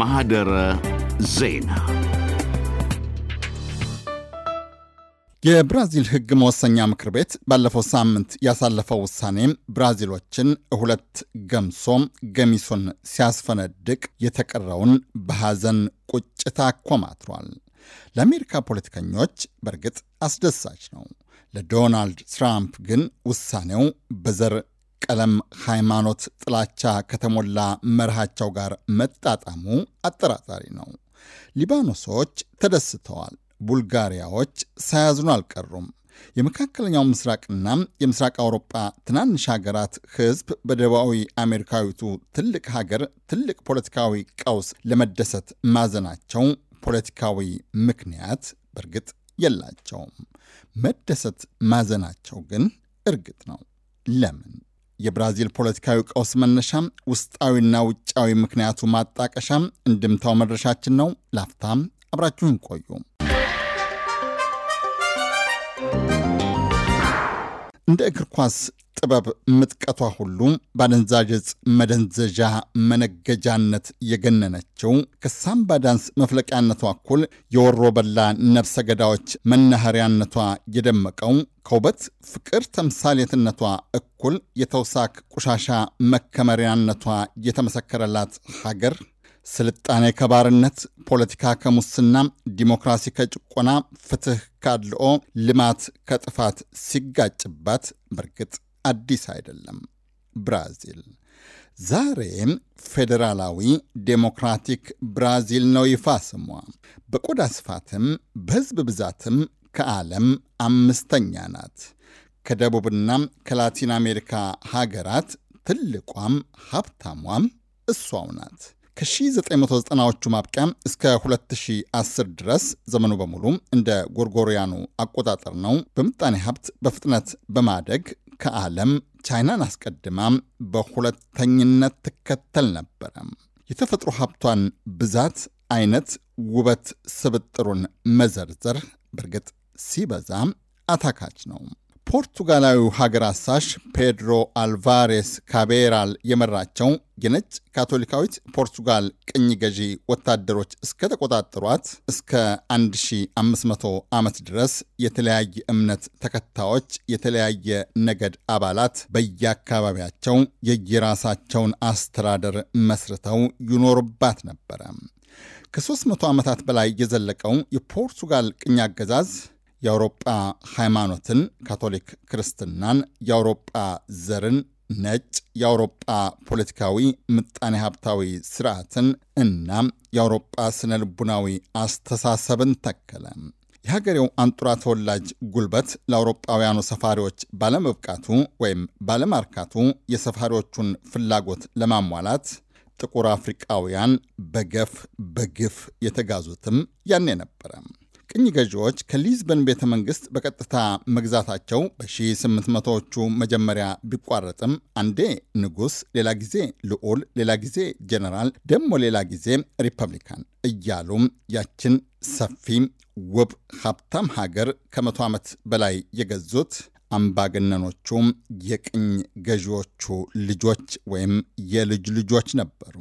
ማህደረ ዜና የብራዚል ሕግ መወሰኛ ምክር ቤት ባለፈው ሳምንት ያሳለፈው ውሳኔ ብራዚሎችን ሁለት ገምሶ ገሚሱን ሲያስፈነድቅ የተቀረውን በሐዘን ቁጭታ አኮማትሯል። ለአሜሪካ ፖለቲከኞች በእርግጥ አስደሳች ነው። ለዶናልድ ትራምፕ ግን ውሳኔው በዘር ቀለም፣ ሃይማኖት፣ ጥላቻ ከተሞላ መርሃቸው ጋር መጣጣሙ አጠራጣሪ ነው። ሊባኖሶች ተደስተዋል። ቡልጋሪያዎች ሳያዝኑ አልቀሩም። የመካከለኛው ምስራቅና የምስራቅ አውሮጳ ትናንሽ ሀገራት ሕዝብ በደቡባዊ አሜሪካዊቱ ትልቅ ሀገር ትልቅ ፖለቲካዊ ቀውስ ለመደሰት ማዘናቸው ፖለቲካዊ ምክንያት በእርግጥ የላቸውም። መደሰት ማዘናቸው ግን እርግጥ ነው። ለምን? የብራዚል ፖለቲካዊ ቀውስ መነሻ ውስጣዊና ውጫዊ ምክንያቱ ማጣቀሻም እንድምታው መድረሻችን ነው። ላፍታም አብራችሁን ቆዩ። እንደ እግር ኳስ ጥበብ ምጥቀቷ ሁሉ ባደንዛዥ መደንዘዣ መነገጃነት የገነነችው ከሳምባ ዳንስ መፍለቂያነቷ እኩል የወሮ በላ ነፍሰ ገዳዎች መናኸሪያነቷ የደመቀው ከውበት ፍቅር ተምሳሌትነቷ እኩል የተውሳክ ቆሻሻ መከመሪያነቷ የተመሰከረላት ሀገር ስልጣኔ ከባርነት፣ ፖለቲካ ከሙስና፣ ዲሞክራሲ ከጭቆና፣ ፍትህ ካድልኦ፣ ልማት ከጥፋት ሲጋጭባት በርግጥ አዲስ አይደለም። ብራዚል ዛሬም ፌዴራላዊ ዴሞክራቲክ ብራዚል ነው ይፋ ስሟ። በቆዳ ስፋትም በሕዝብ ብዛትም ከዓለም አምስተኛ ናት። ከደቡብና ከላቲን አሜሪካ ሀገራት ትልቋም ሀብታሟም እሷው ናት። ከ1990ዎቹ ማብቂያ እስከ 2010 ድረስ ዘመኑ በሙሉ እንደ ጎርጎሪያኑ አቆጣጠር ነው። በምጣኔ ሀብት በፍጥነት በማደግ ከዓለም ቻይናን አስቀድማ በሁለተኝነት ትከተል ነበረ። የተፈጥሮ ሀብቷን ብዛት፣ አይነት፣ ውበት ስብጥሩን መዘርዘር በእርግጥ ሲበዛ አታካች ነው። ፖርቱጋላዊ ሀገር አሳሽ ፔድሮ አልቫሬስ ካቤራል የመራቸው የነጭ ካቶሊካዊት ፖርቱጋል ቅኝ ገዢ ወታደሮች እስከተቆጣጠሯት እስከ 1500 ዓመት ድረስ የተለያየ እምነት ተከታዮች፣ የተለያየ ነገድ አባላት በየአካባቢያቸው የየራሳቸውን አስተዳደር መስርተው ይኖሩባት ነበረ። ከ300 ዓመታት በላይ የዘለቀው የፖርቱጋል ቅኝ አገዛዝ የአውሮጳ ሃይማኖትን ካቶሊክ ክርስትናን፣ የአውሮጳ ዘርን ነጭ፣ የአውሮጳ ፖለቲካዊ ምጣኔ ሀብታዊ ስርዓትን እና የአውሮጳ ስነ ልቡናዊ አስተሳሰብን ተከለ። የሀገሬው አንጡራ ተወላጅ ጉልበት ለአውሮጳውያኑ ሰፋሪዎች ባለመብቃቱ ወይም ባለማርካቱ የሰፋሪዎቹን ፍላጎት ለማሟላት ጥቁር አፍሪቃውያን በገፍ በግፍ የተጋዙትም ያኔ ነበረ። ቅኝ ገዢዎች ከሊዝበን ቤተ መንግስት በቀጥታ መግዛታቸው በ1800ዎቹ መጀመሪያ ቢቋረጥም አንዴ ንጉሥ፣ ሌላ ጊዜ ልዑል፣ ሌላ ጊዜ ጀነራል ደግሞ ሌላ ጊዜ ሪፐብሊካን እያሉም ያችን ሰፊ ውብ ሀብታም ሀገር ከመቶ ዓመት በላይ የገዙት አምባገነኖቹ የቅኝ ገዢዎቹ ልጆች ወይም የልጅ ልጆች ነበሩ።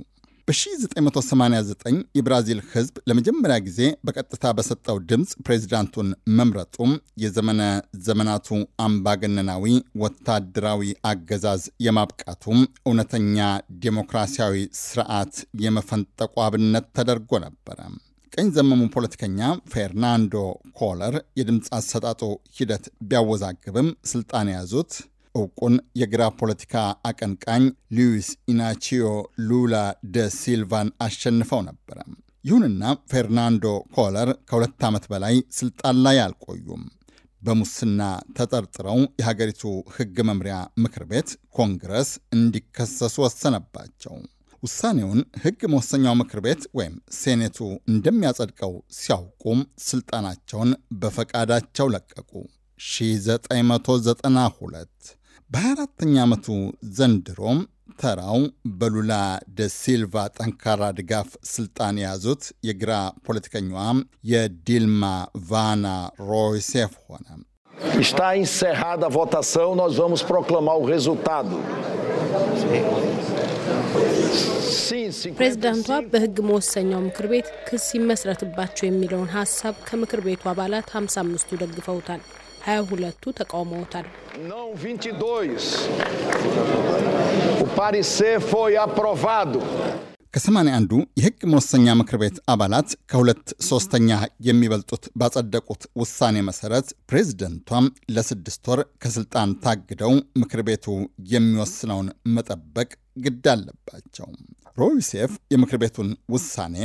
በ1989 የብራዚል ሕዝብ ለመጀመሪያ ጊዜ በቀጥታ በሰጠው ድምፅ ፕሬዚዳንቱን መምረጡም የዘመነ ዘመናቱ አምባገነናዊ ወታደራዊ አገዛዝ የማብቃቱም እውነተኛ ዴሞክራሲያዊ ስርዓት የመፈንጠቁ አብነት ተደርጎ ነበረ። ቀኝ ዘመሙ ፖለቲከኛ ፌርናንዶ ኮለር የድምፅ አሰጣጡ ሂደት ቢያወዛግብም ስልጣን የያዙት እውቁን የግራ ፖለቲካ አቀንቃኝ ሉዊስ ኢናቺዮ ሉላ ደ ሲልቫን አሸንፈው ነበረ። ይሁንና ፌርናንዶ ኮለር ከሁለት ዓመት በላይ ስልጣን ላይ አልቆዩም። በሙስና ተጠርጥረው የሀገሪቱ ሕግ መምሪያ ምክር ቤት ኮንግረስ እንዲከሰሱ ወሰነባቸው። ውሳኔውን ሕግ መወሰኛው ምክር ቤት ወይም ሴኔቱ እንደሚያጸድቀው ሲያውቁም ስልጣናቸውን በፈቃዳቸው ለቀቁ። 1992 በአራተኛ ዓመቱ ዘንድሮም ተራው በሉላ ደሲልቫ ጠንካራ ድጋፍ ስልጣን የያዙት የግራ ፖለቲከኛዋ የዲልማ ቫና ሮይሴፍ ሆነ። Está encerrada a votação, nós vamos proclamar o resultado. ፕሬዚዳንቷ በሕግ መወሰኛው ምክር ቤት ክስ ይመስረትባቸው የሚለውን ሀሳብ ከምክር ቤቱ አባላት 55ቱ ደግፈውታል፣ 22ቱ ተቃውመውታል። O parecer foi aprovado. ከሰማንያ አንዱ የህግ መወሰኛ ምክር ቤት አባላት ከሁለት ሶስተኛ የሚበልጡት ባጸደቁት ውሳኔ መሰረት ፕሬዝደንቷም ለስድስት ወር ከስልጣን ታግደው ምክር ቤቱ የሚወስነውን መጠበቅ ግድ አለባቸው። ሮዩሴፍ የምክር ቤቱን ውሳኔ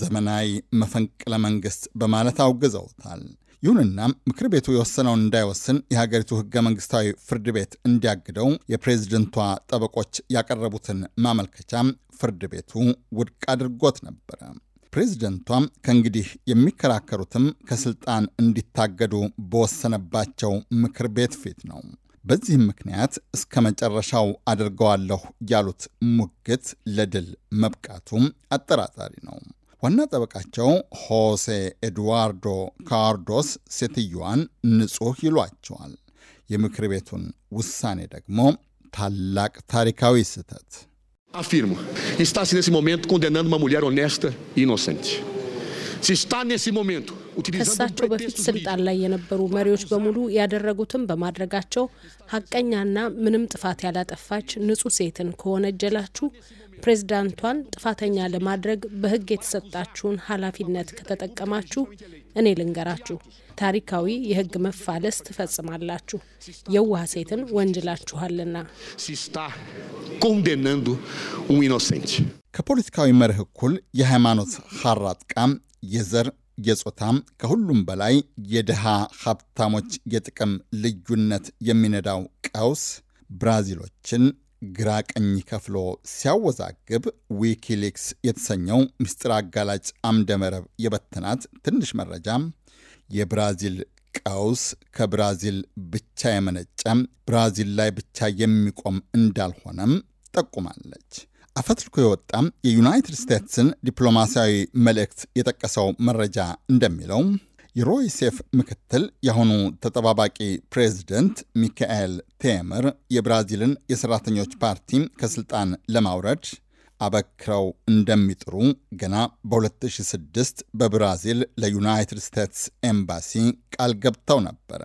ዘመናዊ መፈንቅለ መንግስት በማለት አውግዘውታል። ይሁንና ምክር ቤቱ የወሰነውን እንዳይወስን የሀገሪቱ ህገ መንግስታዊ ፍርድ ቤት እንዲያግደው የፕሬዝደንቷ ጠበቆች ያቀረቡትን ማመልከቻ ፍርድ ቤቱ ውድቅ አድርጎት ነበረ። ፕሬዝደንቷም ከእንግዲህ የሚከራከሩትም ከስልጣን እንዲታገዱ በወሰነባቸው ምክር ቤት ፊት ነው። በዚህም ምክንያት እስከ መጨረሻው አድርገዋለሁ ያሉት ሙግት ለድል መብቃቱም አጠራጣሪ ነው። ዋና ጠበቃቸው ሆሴ ኤድዋርዶ ካርዶስ ሴትዮዋን ንጹሕ ይሏቸዋል። የምክር ቤቱን ውሳኔ ደግሞ ታላቅ ታሪካዊ ስህተት አፊርሞ ስታስ e um ከሳቸው በፊት ስልጣን ላይ የነበሩ መሪዎች በሙሉ ያደረጉትን በማድረጋቸው ሀቀኛና ምንም ጥፋት ያላጠፋች ንጹህ ሴትን ከወነጀላችሁ ፕሬዚዳንቷን ጥፋተኛ ለማድረግ በህግ የተሰጣችሁን ኃላፊነት ከተጠቀማችሁ እኔ ልንገራችሁ፣ ታሪካዊ የህግ መፋለስ ትፈጽማላችሁ። የዋህ ሴትን ወንጅላችኋልና። um ከፖለቲካዊ መርህ እኩል የሃይማኖት ሀራጥቃም የዘር የጾታም ከሁሉም በላይ የድሃ ሀብታሞች የጥቅም ልዩነት የሚነዳው ቀውስ ብራዚሎችን ግራ ቀኝ ከፍሎ ሲያወዛግብ ዊኪሊክስ የተሰኘው ምስጢር አጋላጭ አምደመረብ የበተናት ትንሽ መረጃ የብራዚል ቀውስ ከብራዚል ብቻ የመነጨ ብራዚል ላይ ብቻ የሚቆም እንዳልሆነም ጠቁማለች። አፈትልኮ የወጣም የዩናይትድ ስቴትስን ዲፕሎማሲያዊ መልእክት የጠቀሰው መረጃ እንደሚለው የሮይሴፍ ምክትል የአሁኑ ተጠባባቂ ፕሬዝደንት ሚካኤል ቴመር የብራዚልን የሰራተኞች ፓርቲ ከስልጣን ለማውረድ አበክረው እንደሚጥሩ ገና በ2006 በብራዚል ለዩናይትድ ስቴትስ ኤምባሲ ቃል ገብተው ነበረ።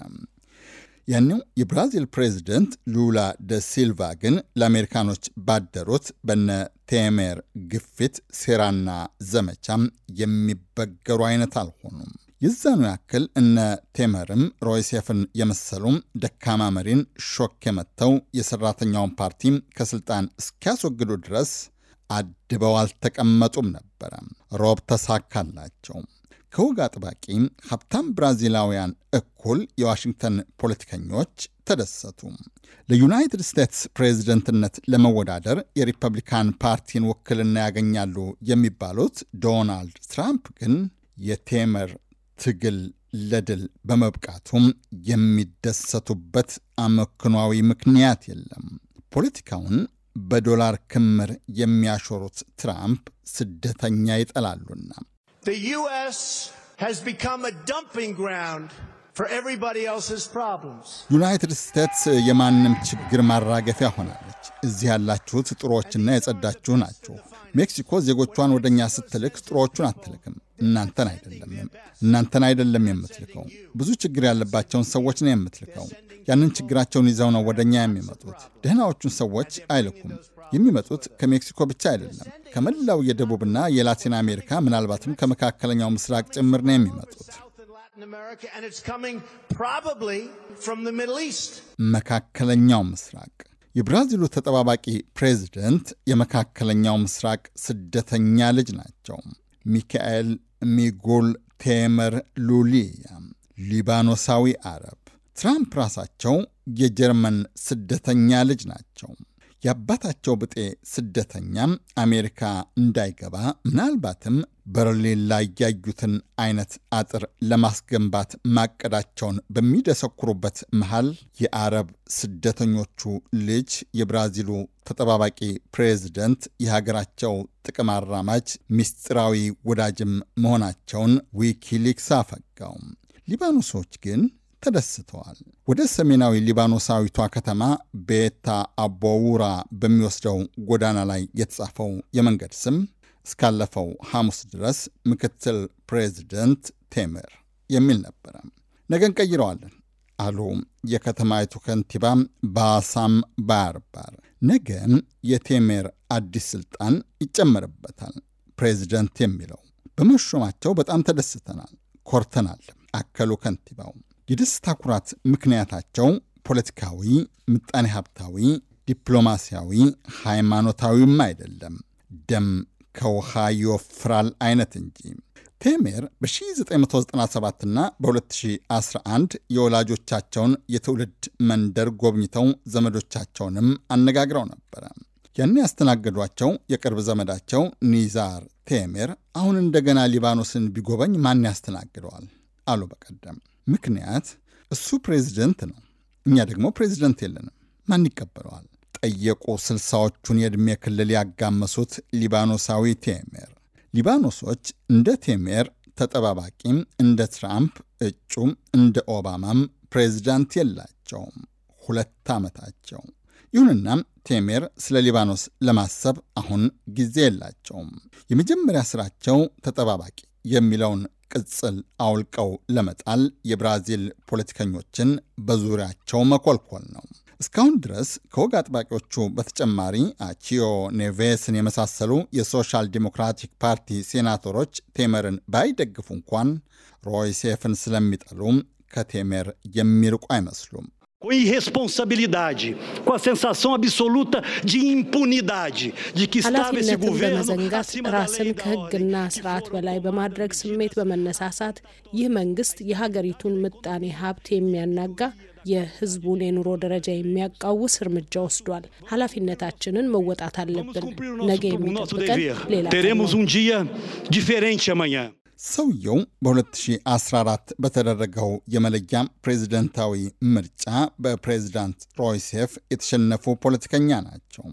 ያኔው የብራዚል ፕሬዝደንት ሉላ ደ ሲልቫ ግን ለአሜሪካኖች ባደሩት በነ ቴሜር ግፊት ሴራና ዘመቻም የሚበገሩ አይነት አልሆኑም። የዛኑ ያክል እነ ቴመርም ሮይሴፍን የመሰሉ ደካማ መሪን ሾክ የመተው የሰራተኛውን ፓርቲ ከስልጣን እስኪያስወግዱ ድረስ አድበው አልተቀመጡም ነበረ። ሮብ ተሳካላቸው። ከውጋ አጥባቂ ሀብታም ብራዚላውያን እኩል የዋሽንግተን ፖለቲከኞች ተደሰቱ። ለዩናይትድ ስቴትስ ፕሬዚደንትነት ለመወዳደር የሪፐብሊካን ፓርቲን ውክልና ያገኛሉ የሚባሉት ዶናልድ ትራምፕ ግን የቴመር ትግል ለድል በመብቃቱም የሚደሰቱበት አመክኗዊ ምክንያት የለም። ፖለቲካውን በዶላር ክምር የሚያሾሩት ትራምፕ ስደተኛ ይጠላሉና ዩናይትድ ስቴትስ የማንም ችግር ማራገፊያ ሆናለች። እዚህ ያላችሁት ጥሩዎችና የጸዳችሁ ናችሁ። ሜክሲኮ ዜጎቿን ወደ እኛ ስትልክ ጥሩዎቹን አትልክም። እናንተን አይደለም እናንተን አይደለም የምትልከው። ብዙ ችግር ያለባቸውን ሰዎች ነው የምትልከው። ያንን ችግራቸውን ይዘው ነው ወደ እኛ የሚመጡት። ደህናዎቹን ሰዎች አይልኩም። የሚመጡት ከሜክሲኮ ብቻ አይደለም፣ ከመላው የደቡብና የላቲን አሜሪካ ምናልባትም ከመካከለኛው ምስራቅ ጭምር ነው የሚመጡት። መካከለኛው ምስራቅ የብራዚሉ ተጠባባቂ ፕሬዚደንት የመካከለኛው ምስራቅ ስደተኛ ልጅ ናቸው። ሚካኤል ሚጎል ቴመር ሉሊያ ሊባኖሳዊ አረብ ትራምፕ ራሳቸው የጀርመን ስደተኛ ልጅ ናቸው። የአባታቸው ብጤ ስደተኛም አሜሪካ እንዳይገባ ምናልባትም በርሊን ላይ ያዩትን አይነት አጥር ለማስገንባት ማቀዳቸውን በሚደሰኩሩበት መሃል የአረብ ስደተኞቹ ልጅ የብራዚሉ ተጠባባቂ ፕሬዝደንት የሀገራቸው ጥቅም አራማጅ ሚስጢራዊ ወዳጅም መሆናቸውን ዊኪሊክስ አፈጋው። ሊባኖሶች ግን ተደስተዋል። ወደ ሰሜናዊ ሊባኖሳዊቷ ከተማ ቤታ አቦውራ በሚወስደው ጎዳና ላይ የተጻፈው የመንገድ ስም እስካለፈው ሐሙስ ድረስ ምክትል ፕሬዚደንት ቴምር የሚል ነበረ። ነገን ቀይረዋለን አሉ የከተማይቱ ከንቲባ ባሳም ባርባር። ነገን የቴምር አዲስ ስልጣን ይጨመርበታል ፕሬዚደንት የሚለው በመሾማቸው በጣም ተደስተናል፣ ኮርተናል አከሉ ከንቲባው። የደስታ ኩራት ምክንያታቸው ፖለቲካዊ፣ ምጣኔ ሀብታዊ፣ ዲፕሎማሲያዊ፣ ሃይማኖታዊም አይደለም ደም ከውሃ ይወፍራል አይነት እንጂ። ቴሜር በ1997ና በ2011 የወላጆቻቸውን የትውልድ መንደር ጎብኝተው ዘመዶቻቸውንም አነጋግረው ነበረ። ያን ያስተናገዷቸው የቅርብ ዘመዳቸው ኒዛር ቴሜር አሁን እንደገና ሊባኖስን ቢጎበኝ ማን ያስተናግደዋል አሉ በቀደም ምክንያት እሱ ፕሬዚደንት ነው፣ እኛ ደግሞ ፕሬዚደንት የለንም። ማን ይቀበለዋል? ጠየቁ ስልሳዎቹን የዕድሜ ክልል ያጋመሱት ሊባኖሳዊ ቴሜር። ሊባኖሶች እንደ ቴሜር ተጠባባቂም እንደ ትራምፕ እጩም እንደ ኦባማም ፕሬዚዳንት የላቸውም። ሁለት ዓመታቸው። ይሁንና ቴሜር ስለ ሊባኖስ ለማሰብ አሁን ጊዜ የላቸውም። የመጀመሪያ ስራቸው ተጠባባቂ የሚለውን ቅጽል አውልቀው ለመጣል የብራዚል ፖለቲከኞችን በዙሪያቸው መኮልኮል ነው። እስካሁን ድረስ ከወግ አጥባቂዎቹ በተጨማሪ አቺዮ ኔቬስን የመሳሰሉ የሶሻል ዲሞክራቲክ ፓርቲ ሴናተሮች ቴመርን ባይደግፉ እንኳን ሮይሴፍን ስለሚጠሉ ከቴሜር የሚርቁ አይመስሉም። com irresponsabilidade, com a sensação absoluta de impunidade, de que estava esse governo በመዘንጋት ራስን ከሕግና ስርዓት በላይ በማድረግ ስሜት በመነሳሳት ይህ መንግስት የሀገሪቱን ምጣኔ ሀብት የሚያናጋ የህዝቡን የኑሮ ደረጃ የሚያቃውስ እርምጃ ወስዷል። ኃላፊነታችንን መወጣት አለብን። ነገ የሚጠብቀን ሌላ ሰውየው በ2014 በተደረገው የመለያ ፕሬዝደንታዊ ምርጫ በፕሬዝዳንት ሮይሴፍ የተሸነፉ ፖለቲከኛ ናቸው።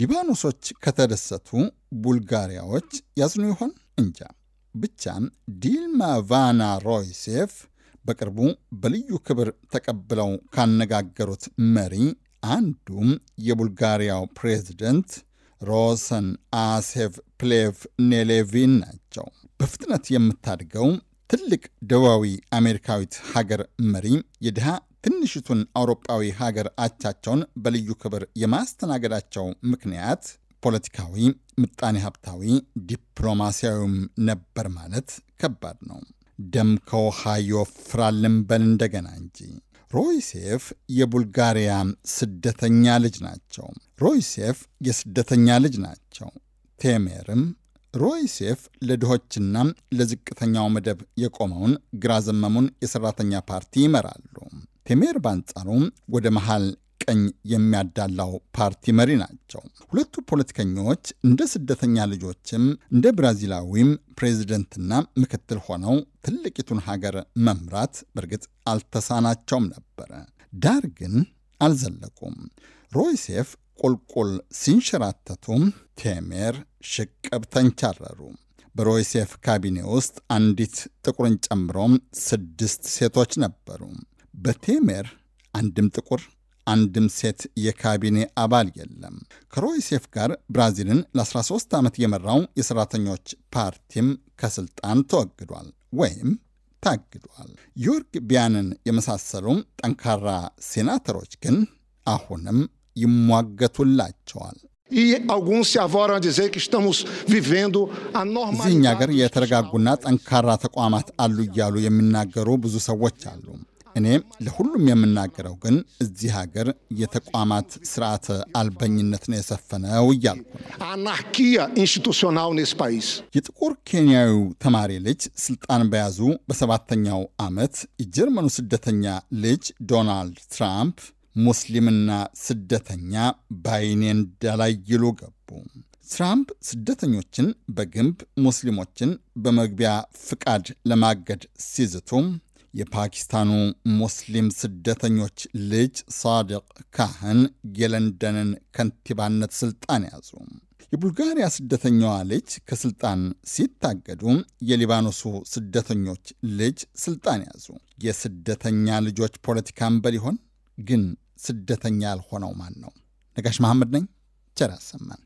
ሊባኖሶች ከተደሰቱ ቡልጋሪያዎች ያዝኑ ይሆን እንጃ። ብቻም ዲልማ ቫና ሮይሴፍ በቅርቡ በልዩ ክብር ተቀብለው ካነጋገሩት መሪ አንዱም የቡልጋሪያው ፕሬዝደንት ሮሰን አሴቭ ፕሌቭ ኔሌቪን ናቸው። በፍጥነት የምታድገው ትልቅ ደቡባዊ አሜሪካዊት ሀገር መሪ የድሃ ትንሽቱን አውሮጳዊ ሀገር አቻቸውን በልዩ ክብር የማስተናገዳቸው ምክንያት ፖለቲካዊ፣ ምጣኔ ሀብታዊ፣ ዲፕሎማሲያዊም ነበር ማለት ከባድ ነው። ደም ከውሃ ይወፍራል በል እንደገና እንጂ። ሮይሴፍ የቡልጋሪያ ስደተኛ ልጅ ናቸው። ሮይሴፍ የስደተኛ ልጅ ናቸው። ቴሜርም ሮይሴፍ ለድሆችና ለዝቅተኛው መደብ የቆመውን ግራ ዘመሙን የሰራተኛ ፓርቲ ይመራሉ። ቴሜር በአንጻሩ ወደ መሃል ቀኝ የሚያዳላው ፓርቲ መሪ ናቸው። ሁለቱ ፖለቲከኞች እንደ ስደተኛ ልጆችም እንደ ብራዚላዊም ፕሬዚደንትና ምክትል ሆነው ትልቂቱን ሀገር መምራት በእርግጥ አልተሳናቸውም ነበረ። ዳር ግን አልዘለቁም። ሮይሴፍ ቁልቁል ሲንሸራተቱ ቴሜር ሽቅብ ተንቻረሩ። በሮይሴፍ ካቢኔ ውስጥ አንዲት ጥቁርን ጨምሮም ስድስት ሴቶች ነበሩ። በቴሜር አንድም ጥቁር አንድም ሴት የካቢኔ አባል የለም። ከሮይሴፍ ጋር ብራዚልን ለ13 ዓመት የመራው የሠራተኞች ፓርቲም ከስልጣን ተወግዷል ወይም ታግዷል። ዮርግ ቢያንን የመሳሰሉ ጠንካራ ሴናተሮች ግን አሁንም ይሟገቱላቸዋል። e እዚህኛ ሀገር የተረጋጉና ጠንካራ ተቋማት አሉ እያሉ የሚናገሩ ብዙ ሰዎች አሉ። እኔ ለሁሉም የምናገረው ግን እዚህ ሀገር የተቋማት ስርዓት አልበኝነት ነው የሰፈነው እያልኩ አናርኪያ ኢንስቲቱሽናል ኔስ ፓይስ። የጥቁር ኬንያዊው ተማሪ ልጅ ስልጣን በያዙ በሰባተኛው ዓመት የጀርመኑ ስደተኛ ልጅ ዶናልድ ትራምፕ ሙስሊምና ስደተኛ በአይኔ እንዳላይሉ ገቡ። ትራምፕ ስደተኞችን በግንብ ሙስሊሞችን በመግቢያ ፍቃድ ለማገድ ሲዝቱ የፓኪስታኑ ሙስሊም ስደተኞች ልጅ ሳድቅ ካህን የለንደንን ከንቲባነት ስልጣን ያዙ። የቡልጋሪያ ስደተኛዋ ልጅ ከስልጣን ሲታገዱ የሊባኖሱ ስደተኞች ልጅ ስልጣን ያዙ። የስደተኛ ልጆች ፖለቲካን በሊሆን ግን ስደተኛ ያልሆነው ማን ነው? ነጋሽ መሐመድ ነኝ። ቸር ያሰማን።